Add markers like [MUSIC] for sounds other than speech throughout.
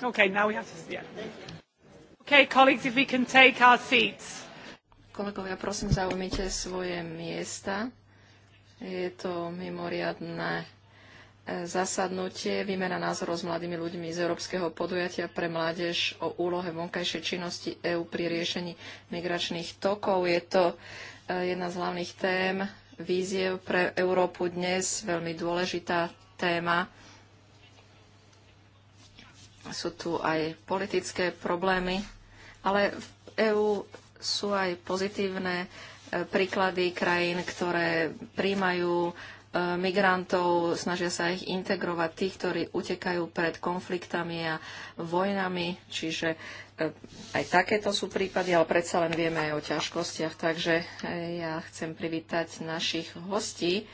Kolegovia, prosím, zaujmite svoje miesta. Je to mimoriadne zasadnutie, výmena názorov s mladými ľuďmi z Európskeho podujatia pre mládež o úlohe vonkajšej činnosti EÚ pri riešení migračných tokov. Je to e, jedna z hlavných tém, víziev pre Európu dnes, veľmi dôležitá téma sú tu aj politické problémy, ale v EÚ sú aj pozitívne e, príklady krajín, ktoré príjmajú e, migrantov, snažia sa ich integrovať, tých, ktorí utekajú pred konfliktami a vojnami, čiže e, aj takéto sú prípady, ale predsa len vieme aj o ťažkostiach, takže ja chcem privítať našich hostí.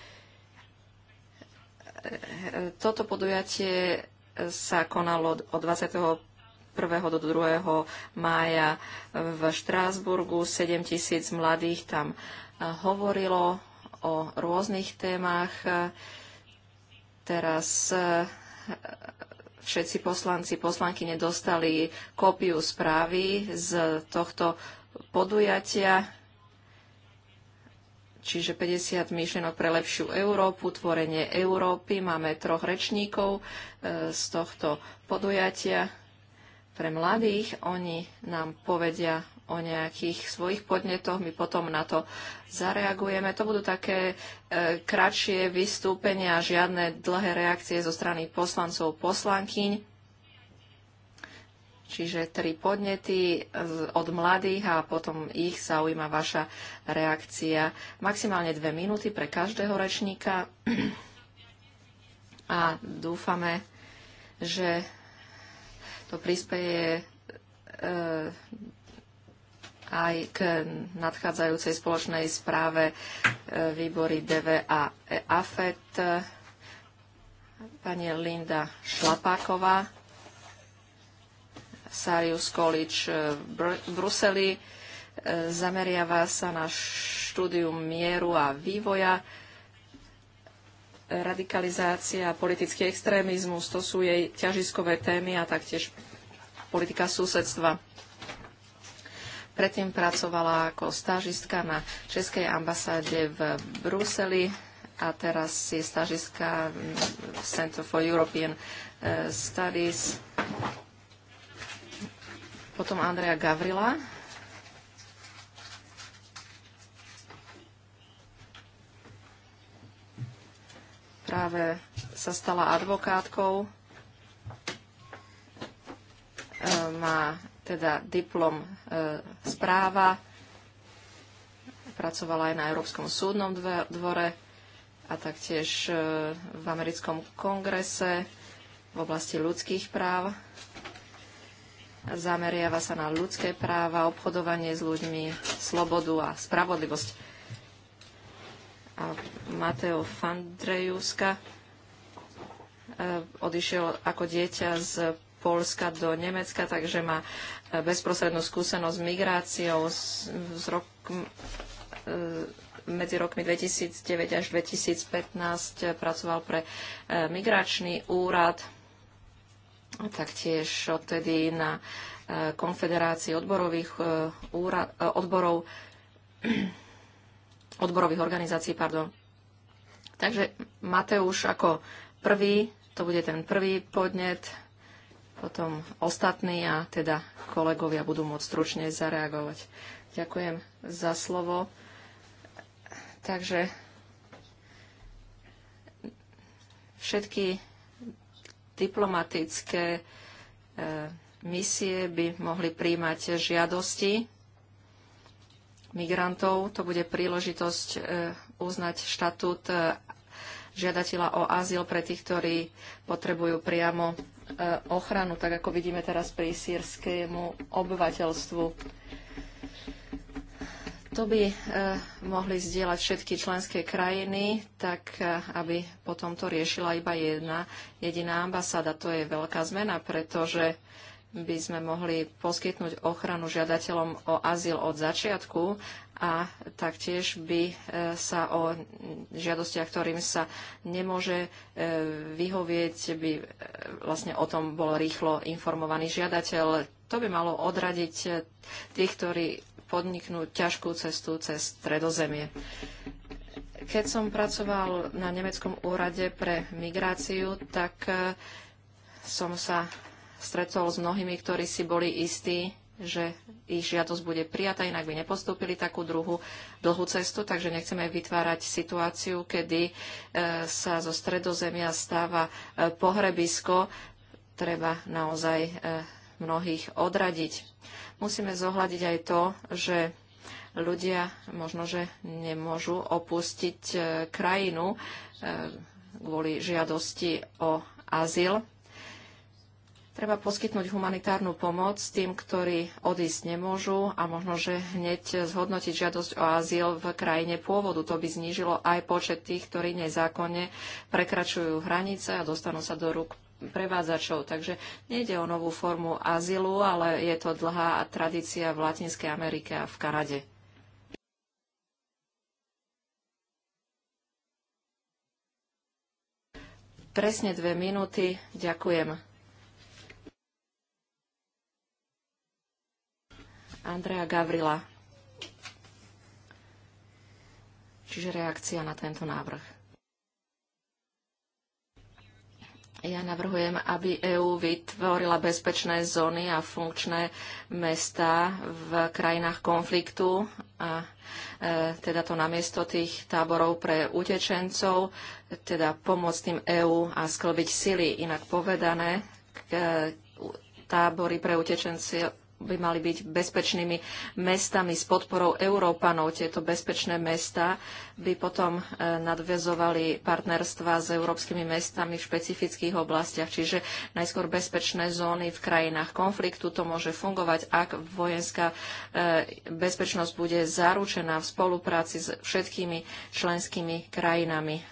Toto podujatie sa konalo od 21. do 2. mája v Štrásburgu. 7 tisíc mladých tam eh, hovorilo o rôznych témach. Teraz eh, všetci poslanci, poslanky nedostali kópiu správy z tohto podujatia čiže 50 myšlienok pre lepšiu Európu, tvorenie Európy. Máme troch rečníkov e, z tohto podujatia pre mladých. Oni nám povedia o nejakých svojich podnetoch, my potom na to zareagujeme. To budú také e, kratšie vystúpenia, žiadne dlhé reakcie zo strany poslancov, poslankyň. Čiže tri podnety od mladých a potom ich zaujíma vaša reakcia. Maximálne dve minúty pre každého rečníka. [CLEARS THROAT] A dúfame, že to prispieje e, aj k nadchádzajúcej spoločnej správe e, výbory DV a e AFET. Pani Linda Šlapáková Sarius College eh, v Bruseli. Eh, zameriava sa na štúdium mieru a vývoja. Radikalizácia a politický extrémizmus, to sú jej ťažiskové témy a taktiež politika susedstva. Predtým pracovala ako stážistka na Českej ambasáde v Bruseli a teraz je stážistka Center for European eh, Studies potom Andrea Gavrila. Práve sa stala advokátkou. E, má teda diplom z e, práva. Pracovala aj na Európskom súdnom dvore a taktiež e, v americkom kongrese v oblasti ľudských práv zameriava sa na ľudské práva, obchodovanie s ľuďmi, slobodu a spravodlivosť. A Mateo Fandrejuska e, odišiel ako dieťa z Polska do Nemecka, takže má e, bezprostrednú skúsenosť s migráciou z, rok, e, medzi rokmi 2009 až 2015 pracoval pre migračný úrad taktiež odtedy na eh, konfederácii odborových eh, úra, eh, odborov, [CLEARS THROAT] odborových organizácií. Pardon. Takže Mateuš ako prvý, to bude ten prvý podnet, potom ostatní a teda kolegovia budú môcť stručne zareagovať. Ďakujem za slovo. Takže všetky diplomatické e, misie by mohli príjmať žiadosti migrantov. To bude príležitosť e, uznať štatút e, žiadateľa o azyl pre tých, ktorí potrebujú priamo ochranu, tak ako vidíme teraz pri sírskému obyvateľstvu. To by eh, mohli zdieľať všetky členské krajiny, tak eh, aby potom to riešila iba jedna jediná ambasáda. To je veľká zmena, pretože by sme mohli poskytnúť ochranu žiadateľom o azyl od začiatku a taktiež by e, sa o žiadostiach, ktorým sa nemôže e, vyhovieť, by e, vlastne o tom bol rýchlo informovaný žiadateľ. To by malo odradiť tých, ktorí podniknú ťažkú cestu cez stredozemie. Keď som pracoval na Nemeckom úrade pre migráciu, tak som sa stretol s mnohými, ktorí si boli istí, že ich žiadosť bude prijatá, inak by nepostúpili takú druhú dlhú cestu, takže nechceme vytvárať situáciu, kedy e, sa zo stredozemia stáva e, pohrebisko. Treba naozaj e, mnohých odradiť. Musíme zohľadiť aj to, že ľudia možno, že nemôžu opustiť krajinu kvôli žiadosti o azyl Treba poskytnúť humanitárnu pomoc tým, ktorí odísť nemôžu a možno, že hneď zhodnotiť žiadosť o azyl v krajine pôvodu. To by znížilo aj počet tých, ktorí nezákonne prekračujú hranice a dostanú sa do rúk prevádzačov. Takže nejde o novú formu azylu, ale je to dlhá tradícia v Latinskej Amerike a v Kanade. Presne dve minúty. Ďakujem. Andrea Gavrila. Čiže reakcia na tento návrh. Ja navrhujem, aby EÚ vytvorila bezpečné zóny a funkčné mesta v krajinách konfliktu a e, teda to namiesto tých táborov pre utečencov, teda pomôcť tým EÚ a sklbiť sily. Inak povedané, k, e, tábory pre utečencov by mali byť bezpečnými mestami s podporou Európanov. Tieto bezpečné mesta by potom e, nadvezovali partnerstva s európskymi mestami v špecifických oblastiach, čiže najskôr bezpečné zóny v krajinách konfliktu. To môže fungovať, ak vojenská e, bezpečnosť bude zaručená v spolupráci s všetkými členskými krajinami e,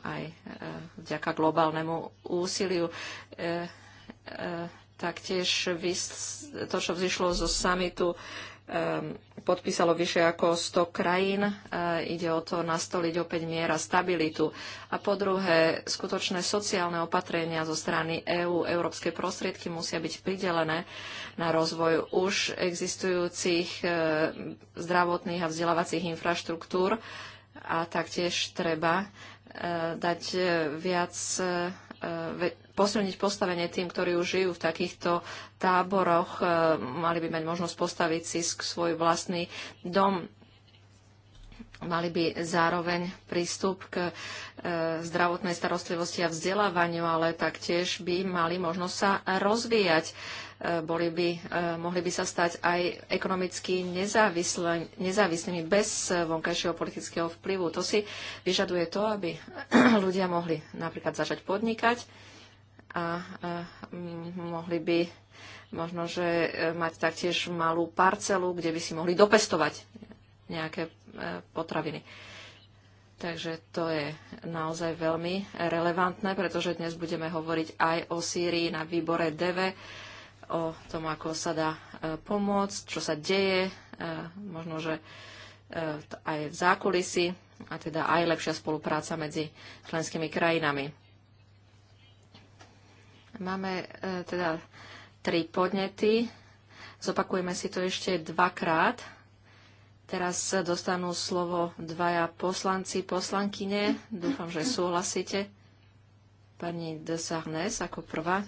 aj vďaka globálnemu úsiliu Taktiež to, čo vzýšlo zo samitu, podpísalo vyše ako 100 krajín. E, ide o to nastoliť opäť miera stabilitu. A po druhé, skutočné sociálne opatrenia zo strany EÚ, európske prostriedky musia byť pridelené na rozvoj už existujúcich e, zdravotných a vzdelávacích infraštruktúr. A taktiež treba e, dať viac E, posilniť postavenie tým, ktorí už žijú v takýchto táboroch, e, mali by mať možnosť postaviť si svoj vlastný dom. Mali by zároveň prístup k e, zdravotnej starostlivosti a vzdelávaniu, ale taktiež by mali možnosť sa rozvíjať boli by, eh, mohli by sa stať aj ekonomicky nezávislými, bez eh, vonkajšieho politického vplyvu. To si vyžaduje to, aby [CLEARS THROAT] ľudia mohli napríklad začať podnikať a eh, mohli by možno, že mať taktiež malú parcelu, kde by si mohli dopestovať nejaké potraviny. Takže to je naozaj veľmi relevantné, pretože dnes budeme hovoriť aj o Sýrii na výbore DV o tom, ako sa dá e, pomôcť, čo sa deje, e, možno, že e, aj v zákulisí a teda aj lepšia spolupráca medzi členskými krajinami. Máme teda tri podnety. Zopakujeme si to ešte dvakrát. Teraz dostanú slovo dvaja poslanci, poslankyne. Dúfam, že súhlasíte. Pani de Sarnes ako prvá.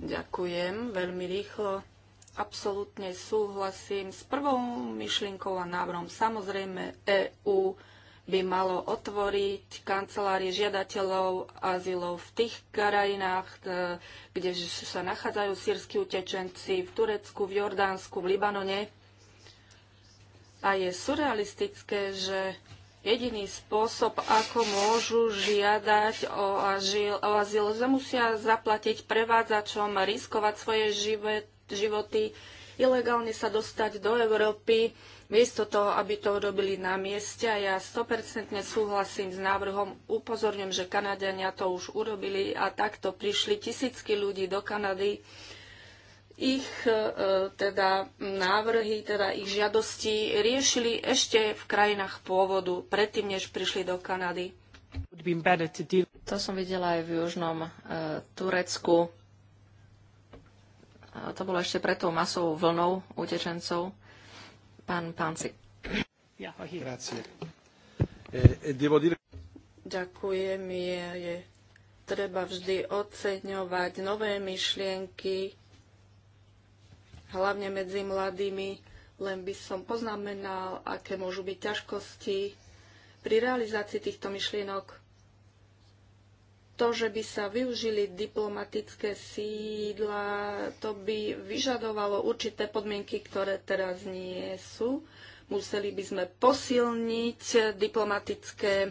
Ďakujem veľmi rýchlo. Absolútne súhlasím s prvou myšlienkou a návrhom. Samozrejme, EÚ by malo otvoriť kancelárie žiadateľov azylov v tých krajinách, e, kde sa nachádzajú sírsky utečenci v Turecku, v Jordánsku, v Libanone. A je surrealistické, že Jediný spôsob, ako môžu žiadať o azyl, o azyl že musia zaplatiť prevádzačom, riskovať svoje životy, ilegálne sa dostať do Európy, miesto toho, aby to robili na mieste. Ja 100% súhlasím s návrhom. Upozorňujem, že Kanadiania to už urobili a takto prišli tisícky ľudí do Kanady ich e, teda návrhy, teda ich žiadosti riešili ešte v krajinách pôvodu, predtým, než prišli do Kanady. To som videla aj v južnom e, Turecku. To bolo ešte pred tou masovou vlnou utečencov. Pán Panci. E, e, Ďakujem. Je, je treba vždy oceňovať nové myšlienky, hlavne medzi mladými, len by som poznamenal, aké môžu byť ťažkosti pri realizácii týchto myšlienok. To, že by sa využili diplomatické sídla, to by vyžadovalo určité podmienky, ktoré teraz nie sú. Museli by sme posilniť diplomatické e,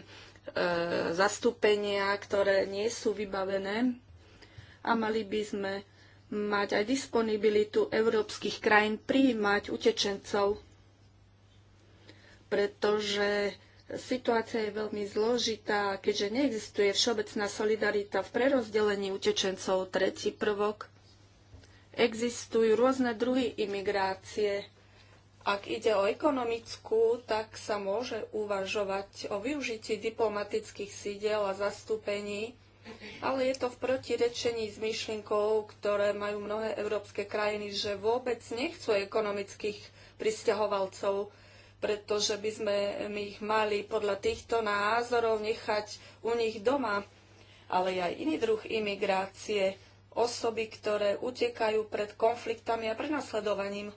zastúpenia, ktoré nie sú vybavené a mali by sme mať aj disponibilitu európskych krajín prijímať utečencov, pretože situácia je veľmi zložitá, keďže neexistuje všeobecná solidarita v prerozdelení utečencov. Tretí prvok. Existujú rôzne druhy imigrácie. Ak ide o ekonomickú, tak sa môže uvažovať o využití diplomatických sídel a zastúpení ale je to v protirečení s myšlienkou, ktoré majú mnohé európske krajiny, že vôbec nechcú ekonomických pristahovalcov, pretože by sme my ich mali podľa týchto názorov nechať u nich doma, ale aj iný druh imigrácie, osoby, ktoré utekajú pred konfliktami a prenasledovaním.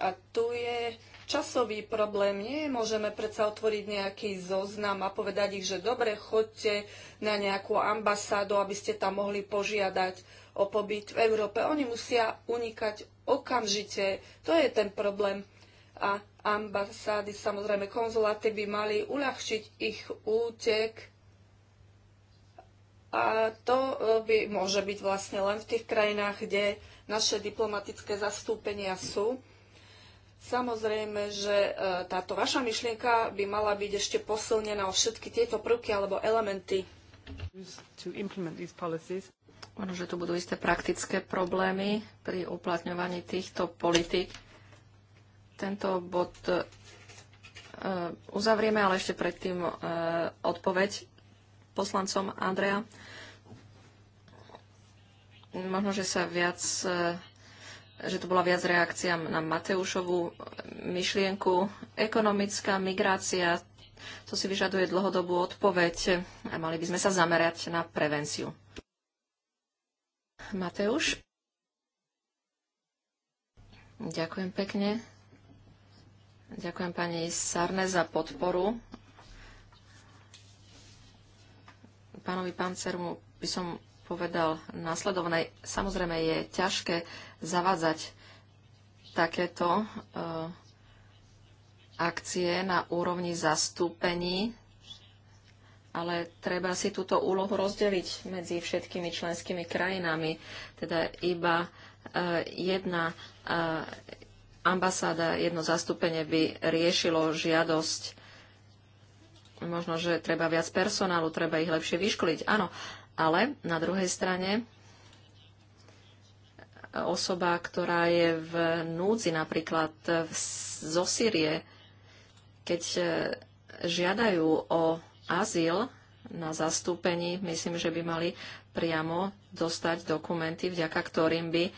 A tu je časový problém. Nie môžeme predsa otvoriť nejaký zoznam a povedať ich, že dobre, chodte na nejakú ambasádu, aby ste tam mohli požiadať o pobyt v Európe. Oni musia unikať okamžite. To je ten problém. A ambasády, samozrejme konzuláty by mali uľahčiť ich útek a to e, by môže byť vlastne len v tých krajinách, kde naše diplomatické zastúpenia sú. Samozrejme, že e, táto vaša myšlienka by mala byť ešte posilnená o všetky tieto prvky alebo elementy. Možno že tu budú isté praktické problémy pri uplatňovaní týchto politik. Tento bod e, uzavrieme, ale ešte predtým e, odpoveď poslancom Andrea. Možno, že sa viac že to bola viac reakcia na Mateušovú myšlienku. Ekonomická migrácia, to si vyžaduje dlhodobú odpoveď a mali by sme sa zamerať na prevenciu. Mateuš? Ďakujem pekne. Ďakujem pani Sarne za podporu. Pánovi Pancermu by som povedal následovné. Samozrejme je ťažké zavádzať takéto e, akcie na úrovni zastúpení, ale treba si túto úlohu rozdeliť medzi všetkými členskými krajinami. Teda iba e, jedna e, ambasáda, jedno zastúpenie by riešilo žiadosť možno, že treba viac personálu, treba ich lepšie vyškoliť. Áno, ale na druhej strane e, osoba, ktorá je v núdzi napríklad e, zo Sýrie, keď e, žiadajú o azyl na zastúpení, myslím, že by mali priamo dostať dokumenty, vďaka ktorým by e,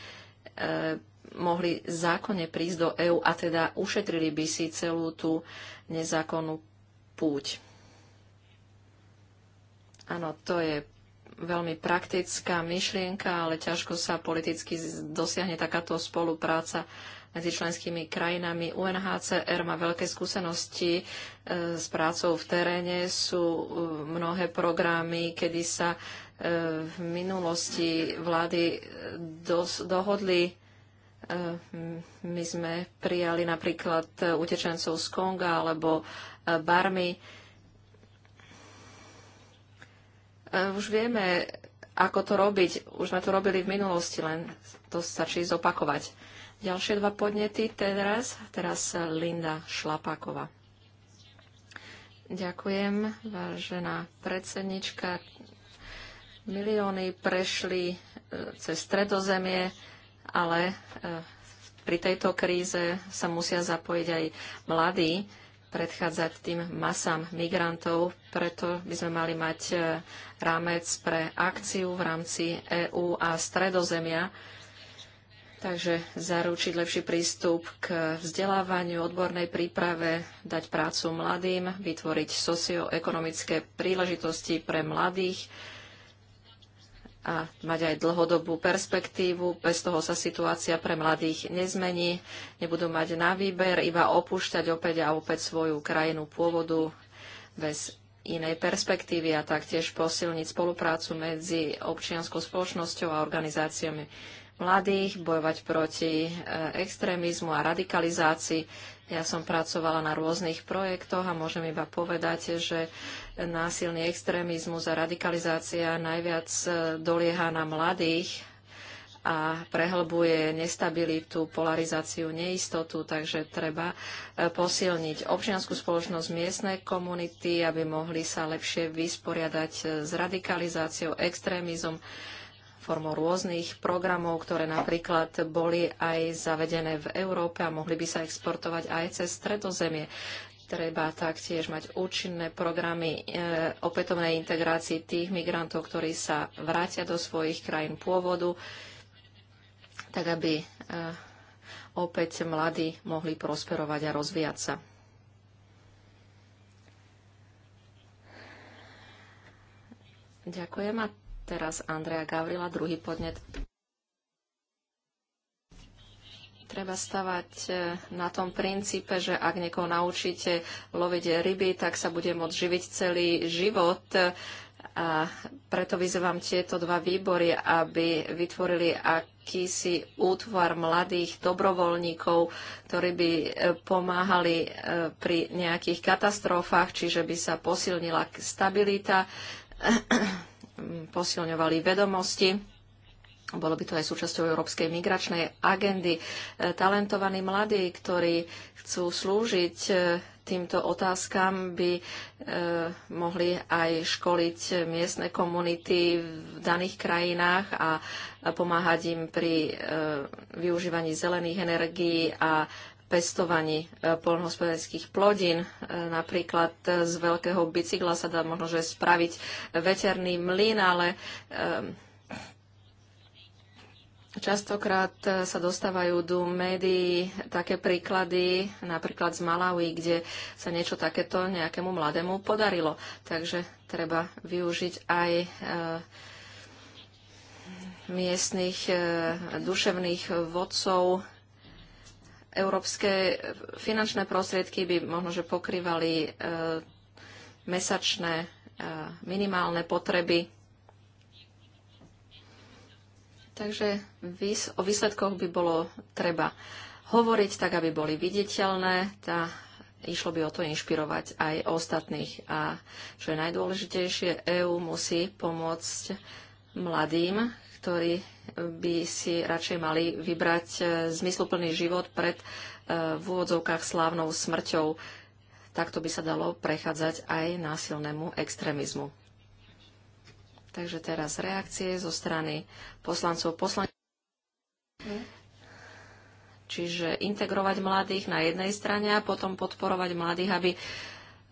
mohli zákonne prísť do EÚ a teda ušetrili by si celú tú nezákonnú púť. Áno, to je veľmi praktická myšlienka, ale ťažko sa politicky dosiahne takáto spolupráca medzi členskými krajinami. UNHCR má veľké skúsenosti e, s prácou v teréne. Sú e, mnohé programy, kedy sa e, v minulosti vlády dos- dohodli. My sme prijali napríklad utečencov z Konga alebo Barmy Eh, už vieme, ako to robiť. Už sme to robili v minulosti, len to stačí zopakovať. Ďalšie dva podnety teraz. Teraz Linda Šlapáková. Ďakujem, vážená predsednička. Milióny prešli eh, cez stredozemie, ale eh, pri tejto kríze sa musia zapojiť aj mladí predchádzať tým masám migrantov, preto by sme mali mať e, rámec pre akciu v rámci EÚ a stredozemia, takže zaručiť lepší prístup k vzdelávaniu, odbornej príprave, dať prácu mladým, vytvoriť socioekonomické príležitosti pre mladých, a mať aj dlhodobú perspektívu. Bez toho sa situácia pre mladých nezmení. Nebudú mať na výber, iba opúšťať opäť a opäť svoju krajinu pôvodu bez inej perspektívy a taktiež posilniť spoluprácu medzi občianskou spoločnosťou a organizáciami mladých, bojovať proti eh, extrémizmu a radikalizácii. Ja som pracovala na rôznych projektoch a môžem iba povedať, že násilný extrémizmus a radikalizácia najviac e, dolieha na mladých a prehlbuje nestabilitu, polarizáciu, neistotu, takže treba e, posilniť občianskú spoločnosť, miestne komunity, aby mohli sa lepšie vysporiadať e, s radikalizáciou, extrémizmom formou rôznych programov, ktoré napríklad boli aj zavedené v Európe a mohli by sa exportovať aj cez stredozemie. Treba taktiež mať účinné programy e, opätovnej integrácii tých migrantov, ktorí sa vrátia do svojich krajín pôvodu, tak aby e, opäť mladí mohli prosperovať a rozvíjať sa. Ďakujem. A Teraz Andrea Gavrila, druhý podnet. Treba stavať e, na tom princípe, že ak niekoho naučíte loviť ryby, tak sa bude môcť živiť celý život. A preto vyzývam tieto dva výbory, aby vytvorili akýsi útvar mladých dobrovoľníkov, ktorí by e, pomáhali e, pri nejakých katastrofách, čiže by sa posilnila stabilita posilňovali vedomosti. Bolo by to aj súčasťou Európskej migračnej agendy. E, talentovaní mladí, ktorí chcú slúžiť e, týmto otázkam by e, mohli aj školiť miestne komunity v daných krajinách a pomáhať im pri využívaní zelených energií a pestovaní e, polnohospodárských plodín. E, napríklad e, z veľkého bicykla sa dá možno, že spraviť veterný mlyn, ale Častokrát sa dostávajú do médií také príklady, napríklad z Malawi, kde sa niečo takéto nejakému mladému podarilo. Takže treba využiť aj e, miestnych e, duševných vodcov, Európske finančné prostriedky by možno, že pokrývali e, mesačné e, minimálne potreby. Takže vys- o výsledkoch by bolo treba hovoriť tak, aby boli viditeľné. Tá, išlo by o to inšpirovať aj ostatných. A čo je najdôležitejšie, EÚ musí pomôcť mladým, ktorí by si radšej mali vybrať e, zmysluplný život pred e, v úvodzovkách slávnou smrťou. Takto by sa dalo prechádzať aj násilnému extrémizmu. Takže teraz reakcie zo strany poslancov poslancov. Čiže integrovať mladých na jednej strane a potom podporovať mladých, aby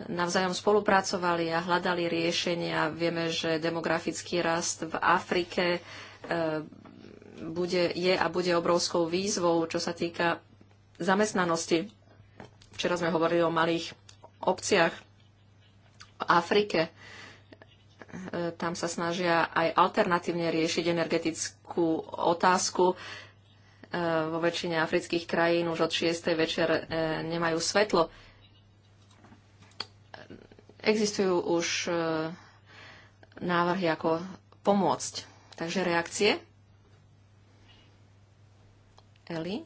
navzájom spolupracovali a hľadali riešenia. Vieme, že demografický rast v Afrike E, bude, je a bude obrovskou výzvou, čo sa týka zamestnanosti. Včera sme hovorili o malých obciach v Afrike. E, tam sa snažia aj alternatívne riešiť energetickú otázku. E, vo väčšine afrických krajín už od 6. večer nemajú svetlo. Existujú už návrhy, ako pomôcť Takže reakcie? Eli?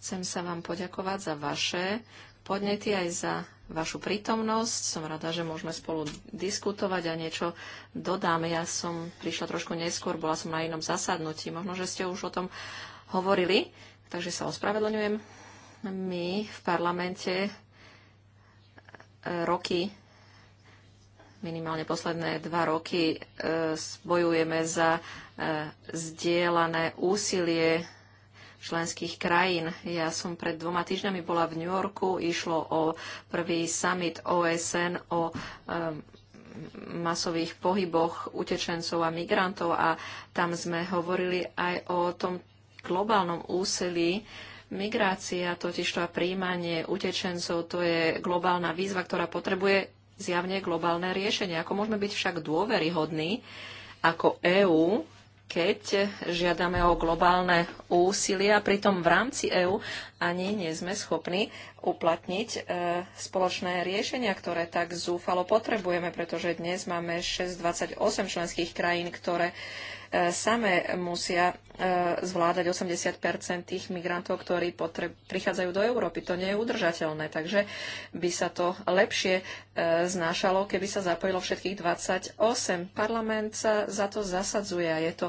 Chcem sa vám poďakovať za vaše podnety aj za vašu prítomnosť. Som rada, že môžeme spolu diskutovať a niečo dodáme. Ja som prišla trošku neskôr, bola som na inom zasadnutí. Možno, že ste už o tom hovorili, takže sa ospravedlňujem. My v parlamente roky, minimálne posledné dva roky, e, bojujeme za e, zdieľané úsilie členských krajín. Ja som pred dvoma týždňami bola v New Yorku, išlo o prvý summit OSN o e, masových pohyboch utečencov a migrantov a tam sme hovorili aj o tom globálnom úsilí Migrácia totižto a príjmanie utečencov to je globálna výzva, ktorá potrebuje zjavne globálne riešenie. Ako môžeme byť však dôveryhodní ako EÚ, keď žiadame o globálne úsilie a pritom v rámci EÚ ani nie sme schopní uplatniť e, spoločné riešenia, ktoré tak zúfalo potrebujeme, pretože dnes máme 628 členských krajín, ktoré e, same musia e, zvládať 80 tých migrantov, ktorí prichádzajú do Európy. To nie je udržateľné, takže by sa to lepšie znášalo, keby sa zapojilo všetkých 28. Parlament sa za to zasadzuje a je to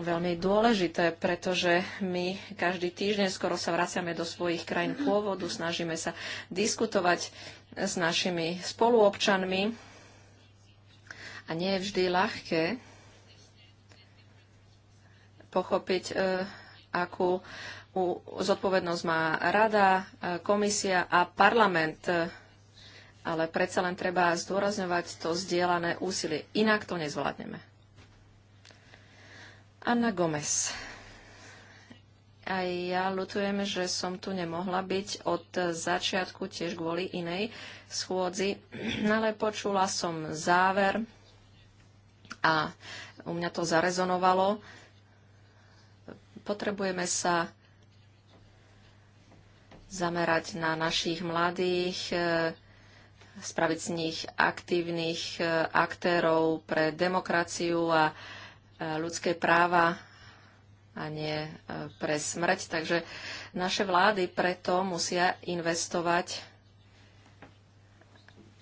veľmi dôležité, pretože my každý týždeň skoro sa vraciame do svojich krajín pôvodu, snažíme sa diskutovať s našimi spoluobčanmi a nie je vždy ľahké pochopiť, e, akú zodpovednosť má rada, e, komisia a parlament. E, ale predsa len treba zdôrazňovať to zdieľané úsilie. Inak to nezvládneme. Anna Gomez. Aj ja lutujem, že som tu nemohla byť od začiatku tiež kvôli inej schôdzi, [CLEARS THROAT] ale počula som záver a u mňa to zarezonovalo. Potrebujeme sa zamerať na našich mladých, e, spraviť z nich aktívnych e, aktérov pre demokraciu a E, ľudské práva a nie e, pre smrť. Takže naše vlády preto musia investovať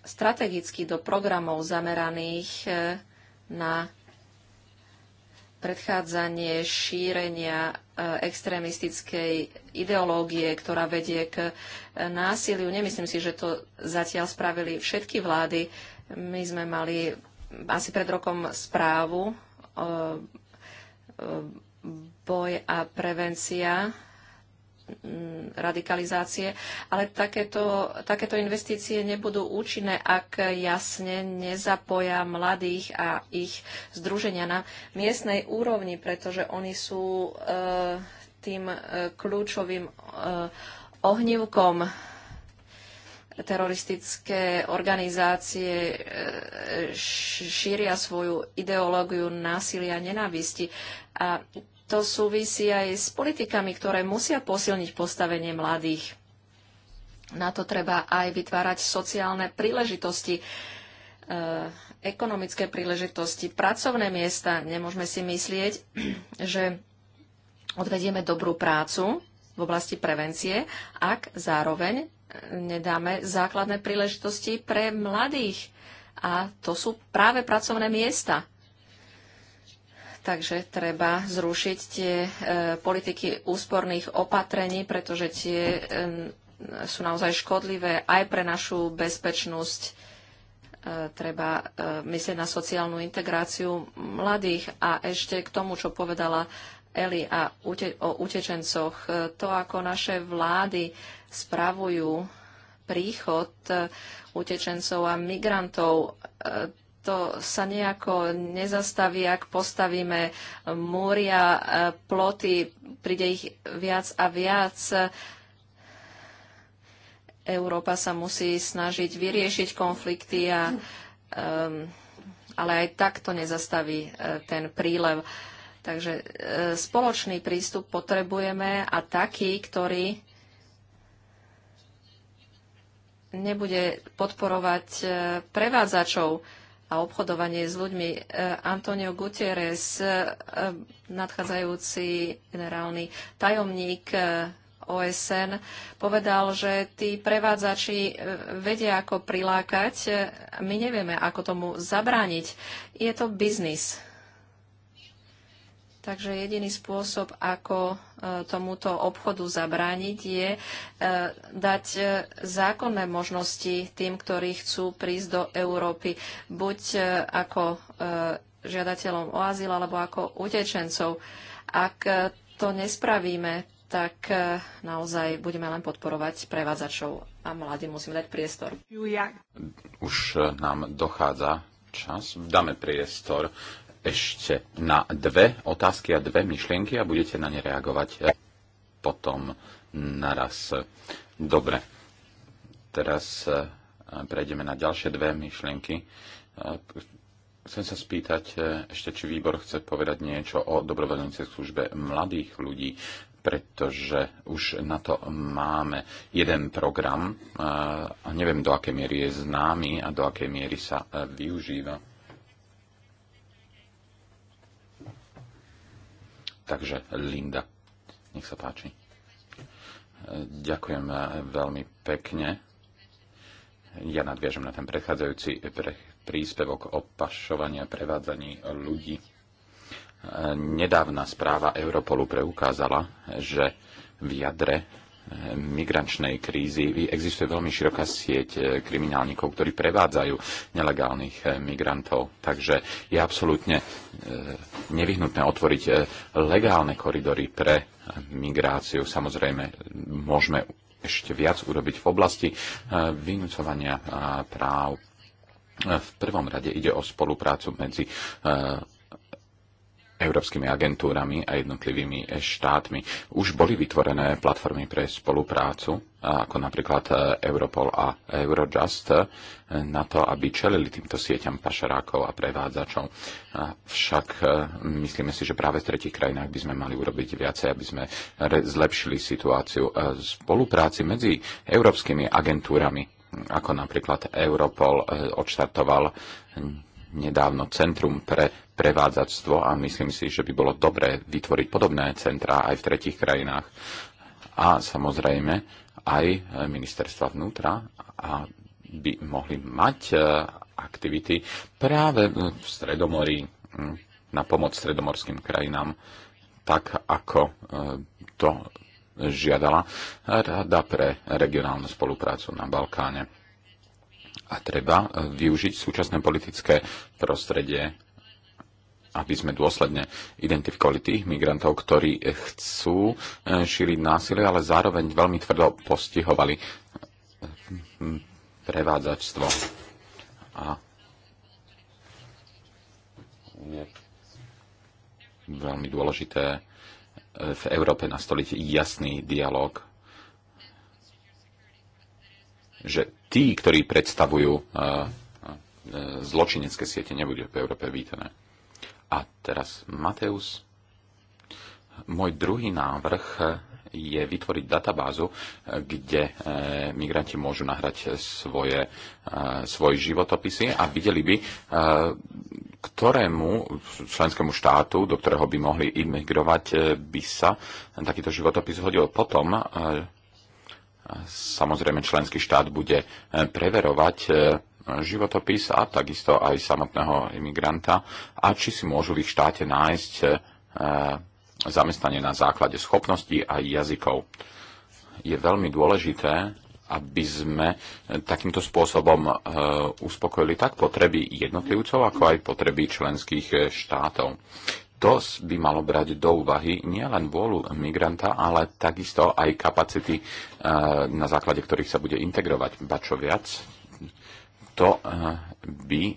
strategicky do programov zameraných e, na predchádzanie šírenia extrémistickej ideológie, ktorá vedie k násiliu. Nemyslím si, že to zatiaľ spravili všetky vlády. My sme mali asi pred rokom správu E, e, boj a prevencia radikalizácie, ale takéto, takéto investície nebudú účinné, ak jasne nezapoja mladých a ich združenia na miestnej úrovni, pretože oni sú e, tým e, kľúčovým e, ohnívkom teroristické organizácie e, šíria svoju ideológiu násilia a nenávisti. A to súvisí aj s politikami, ktoré musia posilniť postavenie mladých. Na to treba aj vytvárať sociálne príležitosti, e, ekonomické príležitosti, pracovné miesta. Nemôžeme si myslieť, [CLEARS THROAT] že odvedieme dobrú prácu v oblasti prevencie, ak zároveň nedáme základné príležitosti pre mladých. A to sú práve pracovné miesta. Takže treba zrušiť tie e, politiky úsporných opatrení, pretože tie e, sú naozaj škodlivé aj pre našu bezpečnosť. E, treba e, myslieť na sociálnu integráciu mladých. A ešte k tomu, čo povedala Eli a ute- o utečencoch. E, to, ako naše vlády e, spravujú príchod e, utečencov a migrantov. E, to sa nejako nezastaví, ak postavíme múria, e, ploty, príde ich viac a viac. Európa sa musí snažiť vyriešiť konflikty, a, um, ale aj tak to nezastaví ten prílev. Takže spoločný prístup potrebujeme a taký, ktorý nebude podporovať e, prevádzačov a obchodovanie s ľuďmi. E, Antonio Gutierrez, e, nadchádzajúci generálny tajomník OSN, povedal, že tí prevádzači vedia, ako prilákať. My nevieme, ako tomu zabrániť. Je to biznis Takže jediný spôsob, ako e, tomuto obchodu zabrániť, je e, dať e, zákonné možnosti tým, ktorí chcú prísť do Európy, buď ako žiadateľom o azyl alebo ako utečencov. Ak to nespravíme, tak naozaj budeme len podporovať prevádzačov a mladým musíme dať priestor. Už nám dochádza čas. Dáme priestor ešte na dve otázky a dve myšlienky a budete na ne reagovať potom naraz. Dobre, teraz eh, prejdeme na ďalšie dve myšlienky. Eh, chcem sa spýtať eh, ešte, či výbor chce povedať niečo o dobrovoľníckej službe mladých ľudí, pretože už na to máme jeden program a neviem, do akej miery je známy a do akej miery sa využíva. Takže Linda, nech sa páči. Ďakujem e, veľmi pekne. Ja nadviažem na ten predchádzajúci príspevok o pašovaní a prevádzaní ľudí. E, nedávna správa Europolu preukázala, že v jadre migračnej krízy existuje veľmi široká sieť e, kriminálnikov, ktorí prevádzajú nelegálnych e, migrantov. Takže je absolútne e, nevyhnutné otvoriť legálne koridory pre migráciu. Samozrejme, môžeme ešte viac urobiť v oblasti vynúcovania práv. V prvom rade ide o spoluprácu medzi európskymi agentúrami a jednotlivými eh, štátmi. Už boli vytvorené platformy pre spoluprácu, eh, ako napríklad eh, Europol a Eurojust, na to, aby čelili týmto sieťam pašerákov a prevádzačov. Však myslíme si, že práve v tretich krajinách by sme mali urobiť viacej, aby sme zlepšili situáciu spolupráci medzi európskymi agentúrami, ako napríklad Europol odštartoval nedávno Centrum pre prevádzactvo a myslím si, že by bolo dobré vytvoriť podobné centrá aj v tretich krajinách a samozrejme aj ministerstva vnútra a by mohli mať e, aktivity práve v Stredomorí na pomoc stredomorským krajinám, tak ako e, to žiadala Rada pre regionálnu spoluprácu na Balkáne. A treba e, využiť súčasné politické prostredie aby sme dôsledne identifikovali tých migrantov, ktorí chcú e, šíriť násilie, ale zároveň veľmi tvrdo postihovali prevádzačstvo. A je veľmi dôležité e, v Európe nastoliť jasný dialog, že tí, ktorí predstavujú e, zločinecké siete, nebudú v Európe vítané. A teraz Mateus. Môj druhý návrh je vytvoriť databázu, kde e, migranti môžu nahrať svoje, e, svoje životopisy a videli by, e, ktorému členskému štátu, do ktorého by mohli imigrovať, by sa takýto životopis hodil potom. Samozrejme, členský štát bude preverovať životopis a takisto aj samotného imigranta a či si môžu v ich štáte nájsť e, zamestnanie na základe schopností a jazykov. Je veľmi dôležité, aby sme takýmto spôsobom e, uspokojili tak potreby jednotlivcov, ako aj potreby členských e, štátov. To by malo brať do úvahy nielen vôľu migranta, ale takisto aj kapacity, na základe ktorých sa bude integrovať. Ba čo viac, to eh, by eh,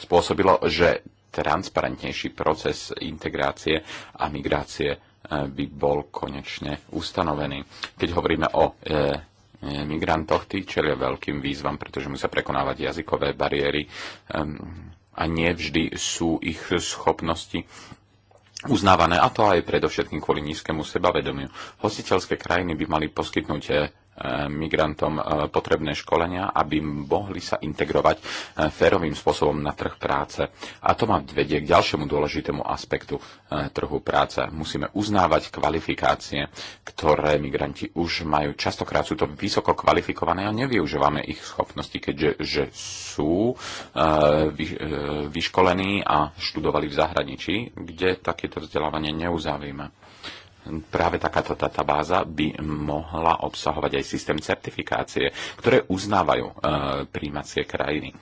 spôsobilo, že transparentnejší proces integrácie a migrácie eh, by bol konečne ustanovený. Keď hovoríme o migrantoch, tí čelia veľkým výzvam, pretože musia prekonávať jazykové bariéry ehm, a nie vždy sú ich schopnosti uznávané, a to aj predovšetkým kvôli nízkemu sebavedomiu. Hostiteľské krajiny by mali poskytnúť Eh, migrantom eh, potrebné školenia, aby mohli sa integrovať eh, férovým spôsobom na trh práce. A to ma vedie k ďalšiemu dôležitému aspektu trhu práce. Musíme uznávať kvalifikácie, ktoré migranti už majú. Častokrát sú to vysoko kvalifikované a nevyužívame ich schopnosti, keďže že sú vyškolení a študovali v zahraničí, kde takéto vzdelávanie neuzavíme práve takáto databáza by mohla obsahovať aj systém certifikácie, ktoré uznávajú e, príjmacie krajiny. E,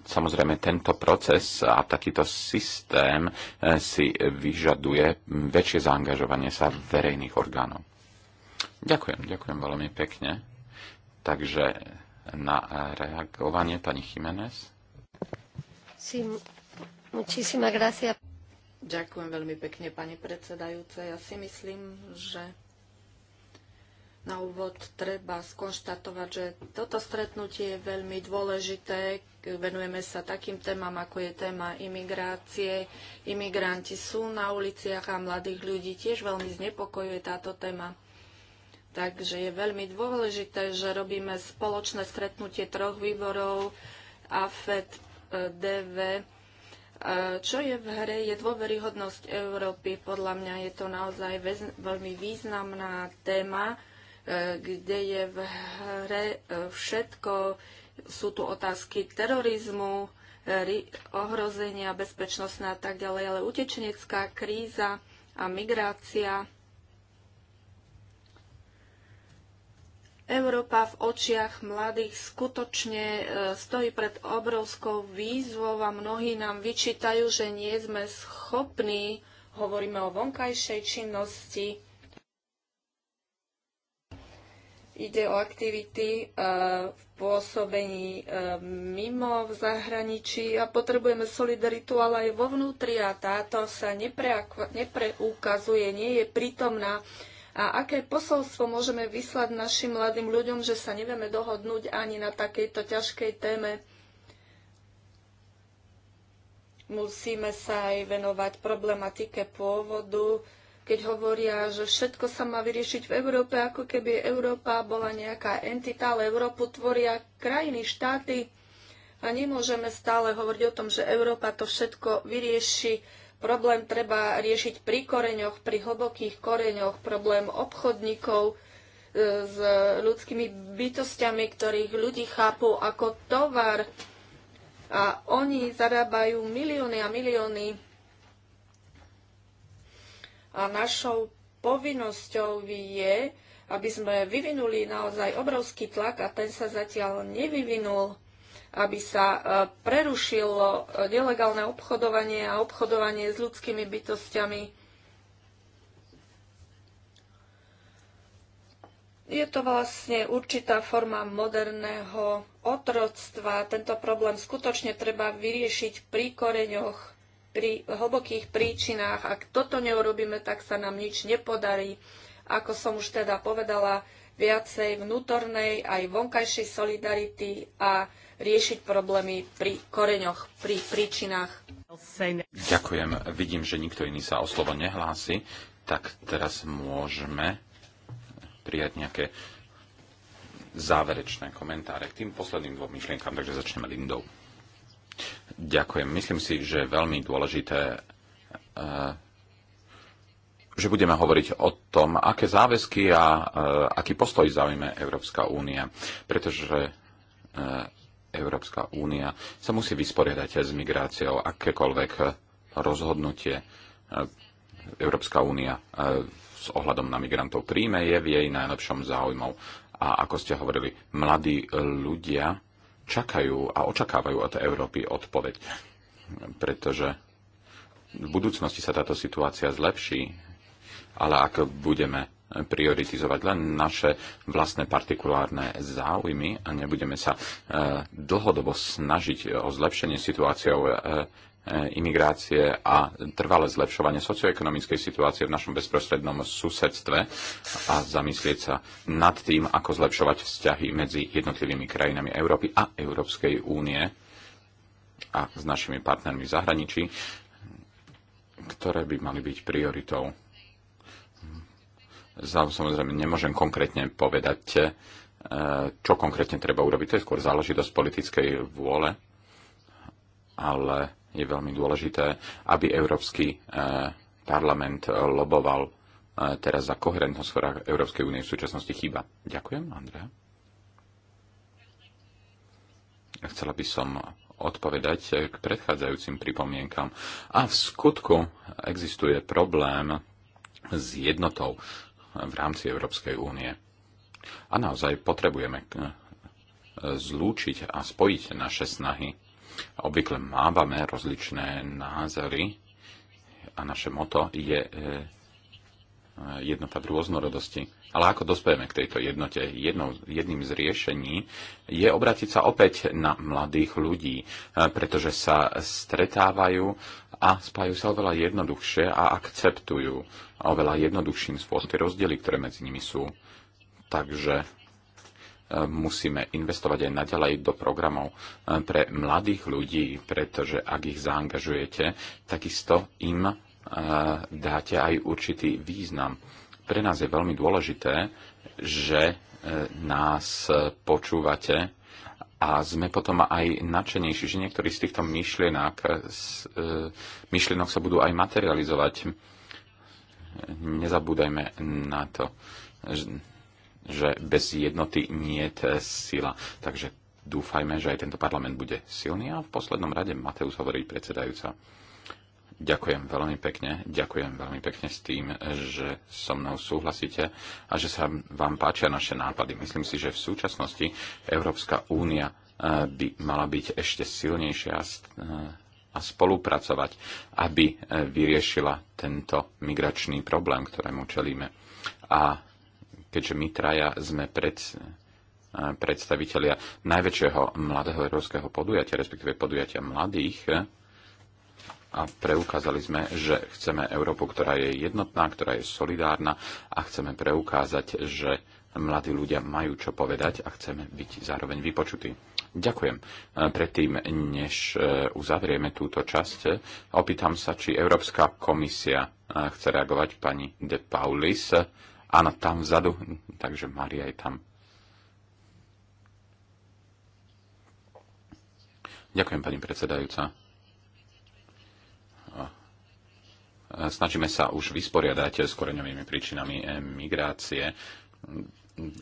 samozrejme, tento proces a takýto systém e, si vyžaduje väčšie zaangažovanie sa verejných orgánov. Ďakujem, ďakujem veľmi pekne. Takže na reagovanie pani Jiménez. Sí, muchísimas gracias. Ďakujem veľmi pekne, pani predsedajúce. Ja si myslím, že na úvod treba skonštatovať, že toto stretnutie je veľmi dôležité. Venujeme sa takým témam, ako je téma imigrácie. Imigranti sú na uliciach a mladých ľudí tiež veľmi znepokojuje táto téma. Takže je veľmi dôležité, že robíme spoločné stretnutie troch výborov AFED, eh, DV čo je v hre, je dôveryhodnosť Európy. Podľa mňa je to naozaj veľmi významná téma, e, kde je v hre e, všetko. Sú tu otázky terorizmu, e, ohrozenia bezpečnostné a tak ďalej, ale utečenecká kríza a migrácia Európa v očiach mladých skutočne e, stojí pred obrovskou výzvou a mnohí nám vyčítajú, že nie sme schopní, hovoríme o vonkajšej činnosti, ide o aktivity e, v pôsobení e, mimo v zahraničí a potrebujeme solidaritu, ale aj vo vnútri a táto sa nepreukazuje, nie je prítomná. A aké posolstvo môžeme vyslať našim mladým ľuďom, že sa nevieme dohodnúť ani na takejto ťažkej téme? Musíme sa aj venovať problematike pôvodu, keď hovoria, že všetko sa má vyriešiť v Európe, ako keby Európa bola nejaká entita, ale Európu tvoria krajiny, štáty. A nemôžeme stále hovoriť o tom, že Európa to všetko vyrieši Problém treba riešiť pri koreňoch, pri hlbokých koreňoch, problém obchodníkov e, s ľudskými bytostiami, ktorých ľudí chápu ako tovar. A oni zarábajú milióny a milióny. A našou povinnosťou je, aby sme vyvinuli naozaj obrovský tlak a ten sa zatiaľ nevyvinul aby sa e, prerušilo e, nelegálne obchodovanie a obchodovanie s ľudskými bytostiami. Je to vlastne určitá forma moderného otroctva. Tento problém skutočne treba vyriešiť pri koreňoch, pri hlbokých príčinách. Ak toto neurobíme, tak sa nám nič nepodarí. Ako som už teda povedala, viacej vnútornej aj vonkajšej solidarity a riešiť problémy pri koreňoch, pri príčinách. Ďakujem. Vidím, že nikto iný sa o slovo nehlási, tak teraz môžeme prijať nejaké záverečné komentáre k tým posledným dvom myšlienkám, takže začneme Lindou. Ďakujem. Myslím si, že je veľmi dôležité, eh, že budeme hovoriť o tom, aké záväzky a eh, aký postoj zaujme Európska únia, pretože eh, Európska únia sa musí vysporiadať s migráciou akékoľvek rozhodnutie e, Európska únia e, s ohľadom na migrantov príjme, je v jej najlepšom záujmov. A ako ste hovorili, mladí ľudia čakajú a očakávajú od Európy odpoveď, pretože v budúcnosti sa táto situácia zlepší, ale ak budeme prioritizovať len naše vlastné partikulárne záujmy a nebudeme sa e, dlhodobo snažiť o zlepšenie situáciou e, imigrácie a trvalé zlepšovanie socioekonomickej situácie v našom bezprostrednom susedstve a zamyslieť sa nad tým, ako zlepšovať vzťahy medzi jednotlivými krajinami Európy a Európskej únie a s našimi partnermi v zahraničí, ktoré by mali byť prioritou Samozrejme, nemôžem konkrétne povedať, e, čo konkrétne treba urobiť. To je skôr záležitosť politickej vôle, ale je veľmi dôležité, aby Európsky e, parlament loboval e, teraz za koherentnosť, ktorá Európskej únie v súčasnosti chýba. Ďakujem, Andrea. Chcela by som odpovedať k predchádzajúcim pripomienkam. A v skutku existuje problém s jednotou v rámci Európskej únie. A naozaj potrebujeme eh, zlúčiť a spojiť naše snahy. Obvykle mávame rozličné názory a naše moto je eh, jednota v rôznorodosti. Ale ako dospejeme k tejto jednote? Jednou, jedným z riešení je obrátiť sa opäť na mladých ľudí, eh, pretože sa stretávajú a spájajú sa oveľa jednoduchšie a akceptujú oveľa jednoduchším spôsobom tie rozdiely, ktoré medzi nimi sú. Takže e, musíme investovať aj naďalej do programov e, pre mladých ľudí, pretože ak ich zaangažujete, takisto im e, dáte aj určitý význam. Pre nás je veľmi dôležité, že nás počúvate a sme potom aj nadšenejší, že niektorí z týchto myšlienok, e, myšlienok sa budú aj materializovať. Nezabúdajme na to, že bez jednoty nie je sila. Takže dúfajme, že aj tento parlament bude silný a v poslednom rade Mateus hovorí predsedajúca. Ďakujem veľmi pekne, ďakujem veľmi pekne s tým, že so mnou súhlasíte a že sa vám páčia naše nápady. Myslím si, že v súčasnosti Európska únia eh, by mala byť ešte silnejšia a eh, spolupracovať, aby eh, vyriešila tento migračný problém, ktorému čelíme. A keďže my traja sme pred, predstavitelia najväčšieho mladého európskeho podujatia, respektíve podujatia mladých, a preukázali sme, že chceme Európu, ktorá je jednotná, ktorá je solidárna a chceme preukázať, že mladí ľudia majú čo povedať a chceme byť zároveň vypočutí. Ďakujem. E, predtým, než e, uzavrieme túto časť, e, opýtam sa, či Európska komisia chce reagovať pani De Paulis. Áno, tam vzadu, takže Maria je tam. Ďakujem, pani predsedajúca snažíme sa už vysporiadať s koreňovými príčinami migrácie.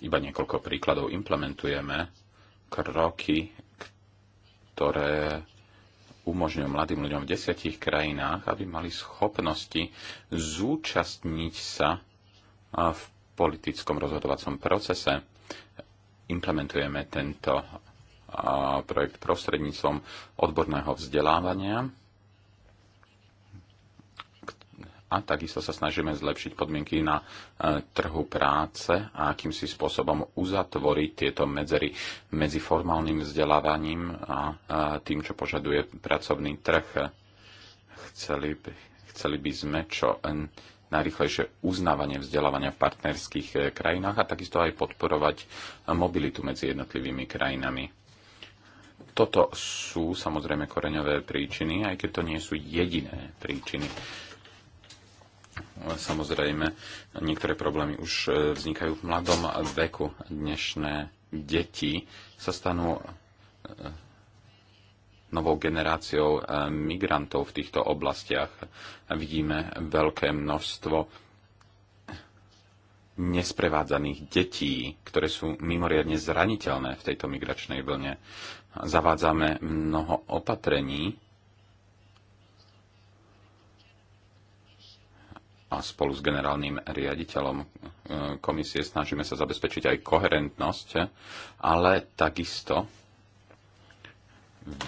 Iba niekoľko príkladov implementujeme kroky, ktoré umožňujú mladým ľuďom v desiatich krajinách, aby mali schopnosti zúčastniť sa v politickom rozhodovacom procese. Implementujeme tento projekt prostredníctvom odborného vzdelávania a takisto sa snažíme zlepšiť podmienky na e, trhu práce a akýmsi spôsobom uzatvoriť tieto medzery medzi formálnym vzdelávaním a e, tým, čo požaduje pracovný trh. Chceli by, chceli by sme čo e, najrychlejšie uznávanie vzdelávania v partnerských krajinách a takisto aj podporovať mobilitu medzi jednotlivými krajinami. Toto sú samozrejme koreňové príčiny, aj keď to nie sú jediné príčiny Samozrejme, niektoré problémy už e, vznikajú v mladom veku. Dnešné deti sa stanú e, novou generáciou e, migrantov v týchto oblastiach. Vidíme veľké množstvo nesprevádzaných detí, ktoré sú mimoriadne zraniteľné v tejto migračnej vlne. Zavádzame mnoho opatrení, a spolu s generálnym riaditeľom e, komisie snažíme sa zabezpečiť aj koherentnosť, ale takisto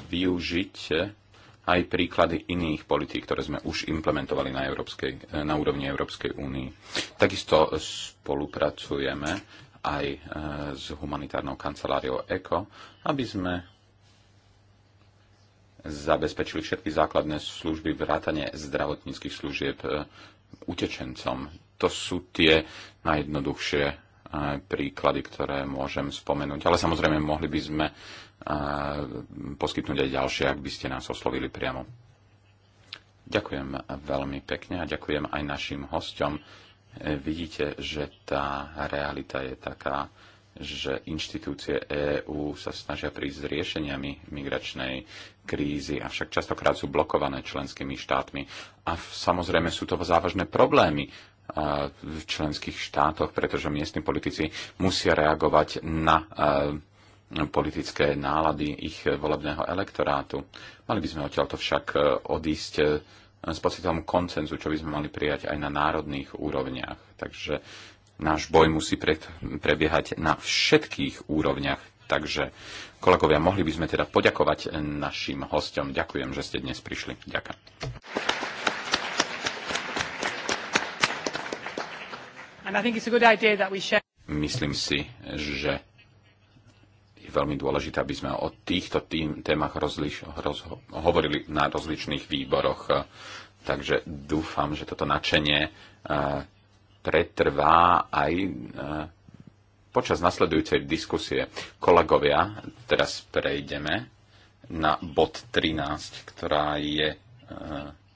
využiť aj príklady iných politík, ktoré sme už implementovali na, európskej, e, na úrovni Európskej únii. Takisto spolupracujeme aj e, s humanitárnou kanceláriou ECO, aby sme zabezpečili všetky základné služby vrátane zdravotníckých služieb utečencom. To sú tie najjednoduchšie eh, príklady, ktoré môžem spomenúť. Ale samozrejme, mohli by sme eh, poskytnúť aj ďalšie, ak by ste nás oslovili priamo. Ďakujem veľmi pekne a ďakujem aj našim hostom. Eh, vidíte, že tá realita je taká, že inštitúcie EÚ sa snažia prísť s riešeniami migračnej krízy, avšak častokrát sú blokované členskými štátmi. A samozrejme sú to závažné problémy v členských štátoch, pretože miestni politici musia reagovať na politické nálady ich volebného elektorátu. Mali by sme odtiaľto však e, odísť e, s pocitom koncenzu, čo by sme mali prijať aj na národných úrovniach. Takže náš boj musí pred, prebiehať na všetkých úrovniach. Takže, kolegovia, mohli by sme teda poďakovať našim hostom. Ďakujem, že ste dnes prišli. Ďakujem. Myslím si, že je veľmi dôležité, aby sme o týchto tým, témach rozliš, roz, hovorili na rozličných výboroch. Takže dúfam, že toto načenie eh, pretrvá aj e, počas nasledujúcej diskusie. Kolegovia, teraz prejdeme na bod 13, ktorá je e,